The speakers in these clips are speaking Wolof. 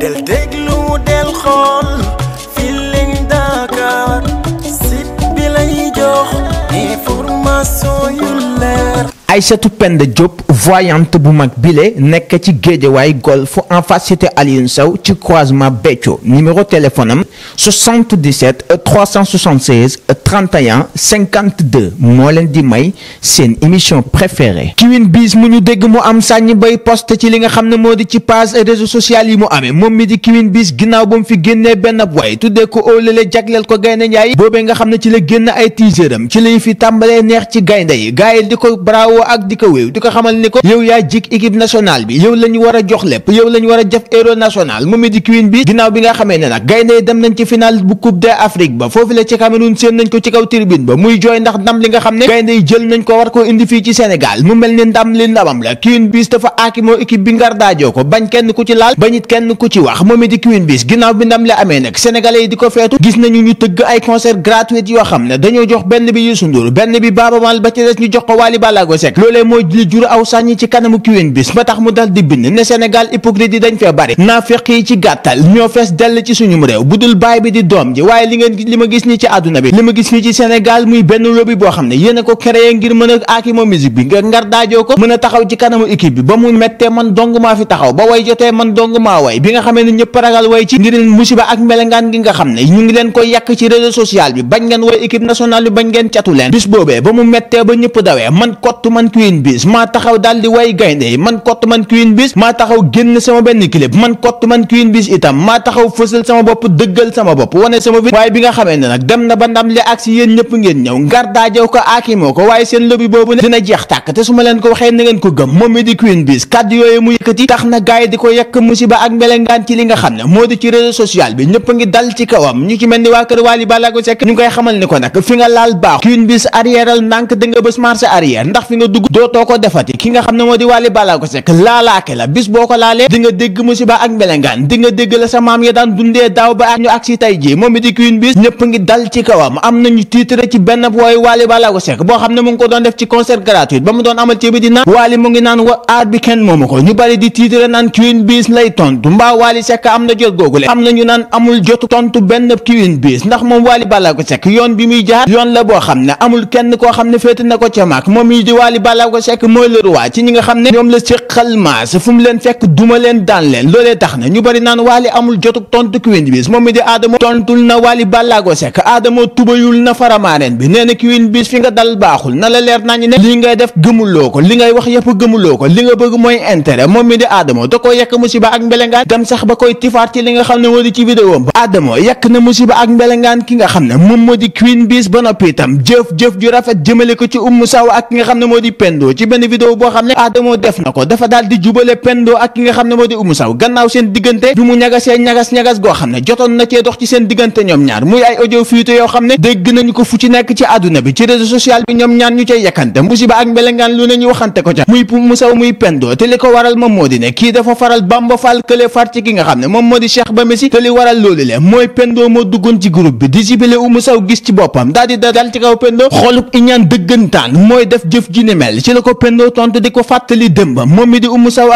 del déglu del xool Feeling Dakar site bi lay jox information yu leer Aïssatou Penda Diop voyante bu mag bile nekk ci géejawaay golf en face cité Alioune Sow ci croisement Béthio numéro téléphone am 77 376 31 52 moo leen di may seen émission préférée kiwin biis mu ñu dégg mu am sàññi bay poste ci li nga xam ne moo di ci page réseau social yi mu amee moom mi di kiwin biis ginnaaw ba mu fi génnee benn waaye tuddee ko óolale jagleel ko gaynde njaay boobee nga xam ne ci la génn ay teaseram ci lay fi tàmbalee neex ci gaynde yi gaay di ko bravo woo ak di ko wéew di ko xamal ni ko yow yaa jik équipe nationale bi yow la war a jox lépp yow la war a jëf héros national Momédy Queen bi ginnaaw bi ndam li nga xam ne gaynde jël nañ ko war ko indi fii ci Sénégal mu mel ni ndam li ndamam la Queen bis dafa aaki moo bi ngar ko bañ kenn ku ci laal bañit kenn ku ci wax Momédy Queen bis ginnaaw bi ndam li amee nag sénégalais di ko feetu gis nañu ñu tëgg ay concert gratuit yoo teg loolee mooy li jur aw sàññi ci kanamu kiwén bis ba tax mu dal di bind ne Sénégal hypocrite yi dañ fee bari naafeq yi ci gàttal ñoo fees dell ci suñum réew bu dul baay bi di doom ji waaye li ngeen li ma gis nii ci àdduna bi li ma gis fii ci Sénégal muy benn lobby boo xam ne yéen a ko créé ngir mën a aakimoo musique bi nga ngar daajoo ko mën a taxaw ci kanamu équipe bi ba mu mettee man dong maa fi taxaw ba way jotee man dong maa way bi nga xamee ne ñëpp ragal way ci ngir musiba ak melengaan gi nga xam ne ñu ngi leen koy yàq ci réseau social bi bañ ngeen way équipe nationale bi bañ ngeen catu leen bis boobee ba mu mettee ba ñëpp dawee man man Queen Biz maa taxaw daal di way gaynde yi man kott man Queen Biz taxaw génn sama benn clip man kott man Queen itam maa taxaw fësal sama bopp dëggal sama bopp wane sama bi nga xamee ne nag dem na ba ndam li ak si yéen ñëpp ngeen ñëw ngar daajaw ko aakimoo ko waaye seen lobby boobu ne dina jeex tàkk te su ma leen ko waxee na ngeen ko gëm moom mi di Queen Biz yooyu mu yëkkati tax na gaay di ko yekk musiba ak melengaan ci li nga xam ne moo di ci réseau social a ngi dal ci kawam ñu ci mel ni waa kër Wally Ballago Seck ñu koy xamal ni ko nag fi nga dugg dootoo ko defati ki nga xam ne moo di Wally Ballago Seck laalaake la bis boo ko laalee di nga dégg musiba ak mbelengaan di nga dégg la sa maam ya daan dundee daaw ba ak ñu ak tay ji moom it di Queen Biz ñëpp ngi dal ci kawam am nañu titre ci benn wooy Wally Ballago Seck boo xam ne mu ngi ko doon def ci concert gratuit ba mu doon amal ci bi di naan Wally mu ngi naan wa aar bi kenn moomu ko ñu bari di titre naan Queen Biz lay tontu bi muy jaar yoon la boo xam ne amul kenn koo xam ne féete na Wally Ballago Seck mooy le roi ci ñi nga xam ne ñoom la séqal maas fu leen fekk duma leen daan leen loolee tax na ñu bari naan Wally amul jotuk tontu Queen Biz moom mi di Adamo tontul yekk musiba ak mbelengaan dem sax ba koy tifaat ci li nga xam ne moo di ci vidéo ba Adamo yekk na musiba ak mbelengaan ki nga xam ne moom moo di Queen Biz ba noppi itam jëf jëf ju rafet jëmale ko ci Oumou Sow ak ki nga xam ne moo di di Pendo ci benn vidéo boo xam ne Adamo def na ko dafa daal di jubale Pendo ak ki nga xam ne moo di Oumou Sow gannaaw seen diggante bi mu musiba ak mbelengaan lu ne waxante ko ca muy Oumou Sow muy Pendo te li ko waral moom moo di ne kii dafa faral Bamba Fall kële far ci ki nga xam ne moom moo di Ba Messi te li waral loolu le mooy Pendo moo duggoon ci groupe bi di jibile Oumou Sow gis ci boppam daal di ci kaw Pendo xoluk iñaan dëggantaan ni mel ci la ko Pendo tontu di ko fàttali dëmb moom mi di Oumou Sow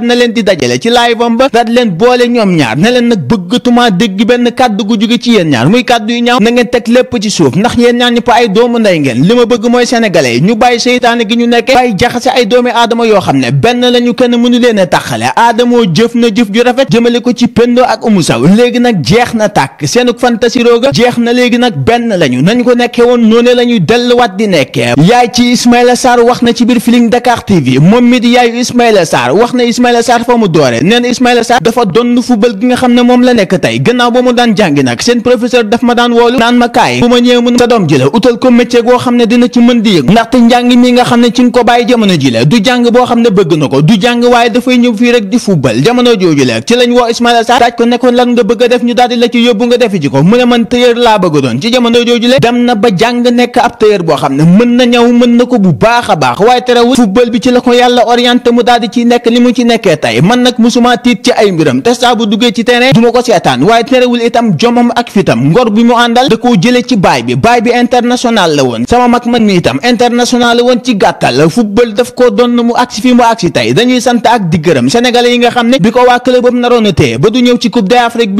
na leen di dajale ci live am ba daat leen boole ñoom ñaar ne leen nag bëggatuma dégg benn kàddu gu jóge ci yéen ñaar muy kàddu yu ñaaw na ngeen teg lépp ci suuf ndax yéen ñaar ñëpp ay doomu nday ngeen li ma bëgg mooy sénégalais yi ñu bàyyi seytaane gi ñu nekke bàyyi jaxase ay doomi aadama yoo xam ne benn la ñu kenn mënu leen a tàqale Adamo jëf na jëf ju rafet jëmale ko ci Pendo ak Oumou Sow léegi nag jeex na tàkk seenuk fantasi rooga jeex na léegi nag benn lañu nañ ko nekke woon noone la ñuy delluwaat di nekkee ci Ismaïla Sarr wax na ci biir Feeling Dakar TV moom mi di yaayu Ismaïla Sarr fa mu doore nee na Ismaïla Sarr dafa donn football gi nga xam ne moom la nekk tey gannaaw ba mu daan jàngi nag seen professeur daf ma daan woolu naan ma kaay bu ma ñëwee mun sa doom ji utal ko métier goo xam ne dina ci mën di yëg ndaxte njàng mi nga xam ne ci nga ko bàyyi jamono ji la du jàng boo xam ne bëgg na ko du jàng waaye dafay ñëw fii rek di football jamono jooju la ci lañ woo Ismaïla Sarr daaj ko nekkoon lan nga bëgg def ñu daal di la nga defe ji ko mu ne man tëyër laa bëgg doon jamono jooju la dem na ba jàng nekk ab tëyër boo xam ne mën na ko bu baax a baax waaye terewul football bi ci la ko yàlla orienté mu daal di ci nekk li mu ci nekkee tey man nag musuma tiit ci ay mbiram te saa bu duggee ci terrain du ma ko seetaan waaye terewul itam jomam ak fitam ngor bi mu àndal da koo jële ci baay bi baay bi international la woon sama mag man mi itam international la woon ci gàttal football daf koo doon mu agsi fi mu agsi tey dañuy sant ak di gërëm yi nga xam ne bi ko waa clubam naroon a téye ba du ñëw ci coupe d'Afrique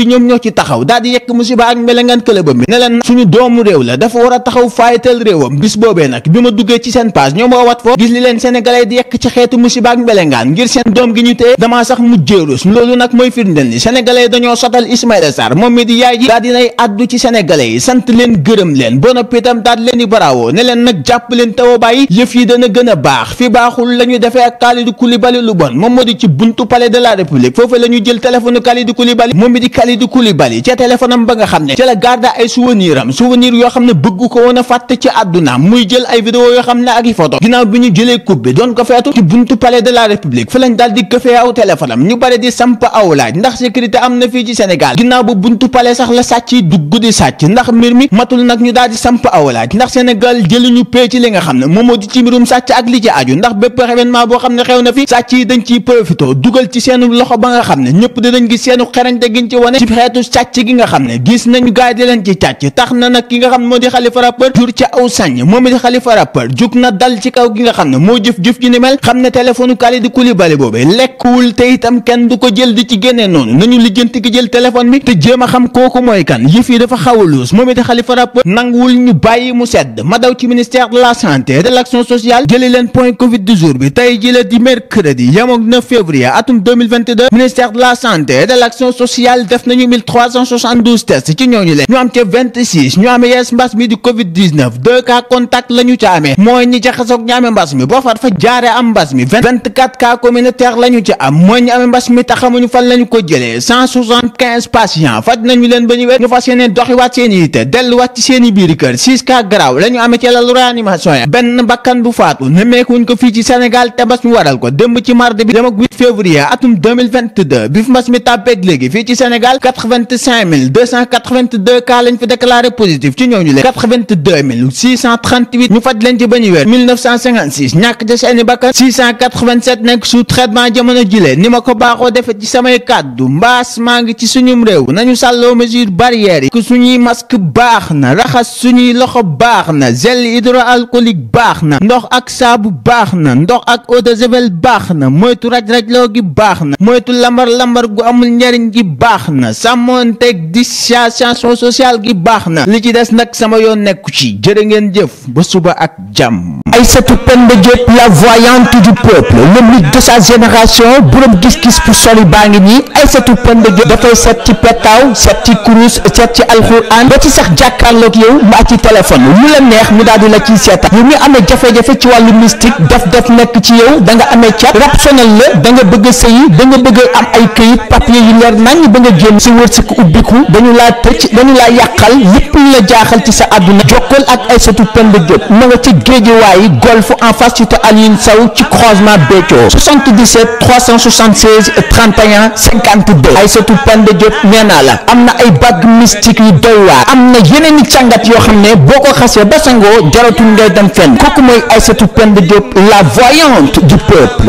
daal di yekk musiba ak mbelengaan clubam bi ne leen suñu publier ci seen page ñoom waa Watford gis li leen sénégalais di yekk ci xeetu musiba ak mbelengaan ngir seen doom gi ñu téye damaa sax mujjee rus loolu nag mooy firndeel ni sénégalais dañoo sotal Ismaïla Sarr moom mi di yaay ji daal ci sénégalais yi sant leen gërëm leen ba noppi leen di baraawoo ne leen nag jàpp leen taw a bàyyi yëf yi dana gën a baax fi baaxul la defee ak Kalidou Koulibaly lu bon moom moo di ci buntu palais de la république foofu a xam ne ak i photo ginnaaw bi ñu jëlee coupe bi doon ko feetu ci buntu palais de la république fa lañ di këfee aw téléphone am ñu bare di samp aw laaj ndax sécurité am na fii ci Sénégal ginnaaw ba buntu palais sax la sàcc yi dugg di sàcc ndax mbir mi matul nag ñu daal samp aw laaj ndax Sénégal jëluñu pee ci li nga xam ne moom moo di ci mbirum sàcc ak li ci aju ndax bépp événement boo xam ne xew na fi sàcc yi dañ ciy profito dugal ci seenu loxo ba nga xam ne ñëpp dinañ gis seenu jug na dal ci kaw gi nga xam ne moo jëf-jëf ju ni mel xam ne téléphone Kalidou Koulibaly boobee wul te itam kenn du ko jël di ci génnee noonu nañu lijjanti ki jël téléphone bi te jéem a xam kooku mooy kan yëf yi dafa xaw a luus moom it Khalifa Rapport nanguwul ñu bàyyi mu sedd ma daw ci ministère de la santé et de l'action sociale jëli leen point covid du jour bi tey ji la di mercredi yamoog 9 février atum 2022 ministère de la santé et de l'action sociale def nañu 1372 tests ci ñooñu leen ñu am mbas mi di covid 19 deux cas la ñu ca amee mooy ñi jaxasoog ñi amee mbas mi boo fa dafa am mbas mi vingt communautaire la ci am mooy ñi amee mbas mi te xamuñu fan la ko jëlee cent faj nañu leen ba ñu wér ñu i yitte delluwaat ci seen i biir kër ñu faj leen ci fani weer 1956 ñàkk ca seeni bakkan 687 nekk sous traitement jamono jile ni ma ko baaxoo defe ci samay kàddu mbaas maa ngi ci suñum réew nañu sàlloo mesure barrière yi ku suñuy masque baax na raxas suñuy loxo baax na gel hydroalcoolique baax na ndox ak saabu baax na ndox ak eau sevel baax na moytu raj-rajloo gi baax na moytu lambar-lambar gu amul njariñ gi baax na teg sàmmoonteeg distanciation sociale gi baax na li ci des nag sama yoon nekku ci jërë ngeen jëf ba suba ak jàmm Aïssatou Penda Diop la voyante du peuple le mythe de sa génération borom gis-gis bu sori baa ngi nii Aïssatou Penda Diop dafay seet ci pettaaw seet ci kurus seet ci alxuraan ba ci sax jàkkaarloog yow mu ak ci téléphone lu la neex mu daal di la ciy seetal yow mi amee jafe-jafe ci wàllu mystique daf daf nekk ci yow da nga amee cat rab sonal la da nga bëgg a sëyi da nga bëgg am ay këyit papier yu leer naññ ba nga génn si wërsëg ubbiku dañu laa tëj dañu laa yàqal lépp lu la ci sa àdduna jokkool ak Guédiawaye golf en face cité Aline Sow ci croisement Béthio 77 376 31 52 Aïssatou Pande Diop nee la am na ay bague mystique yu doy am na yeneen i càngat yoo xam ne boo ko xasee ba sangoo jaratul ngay dem fenn kooku mooy Aïssatou Pande Diop la voyante du peuple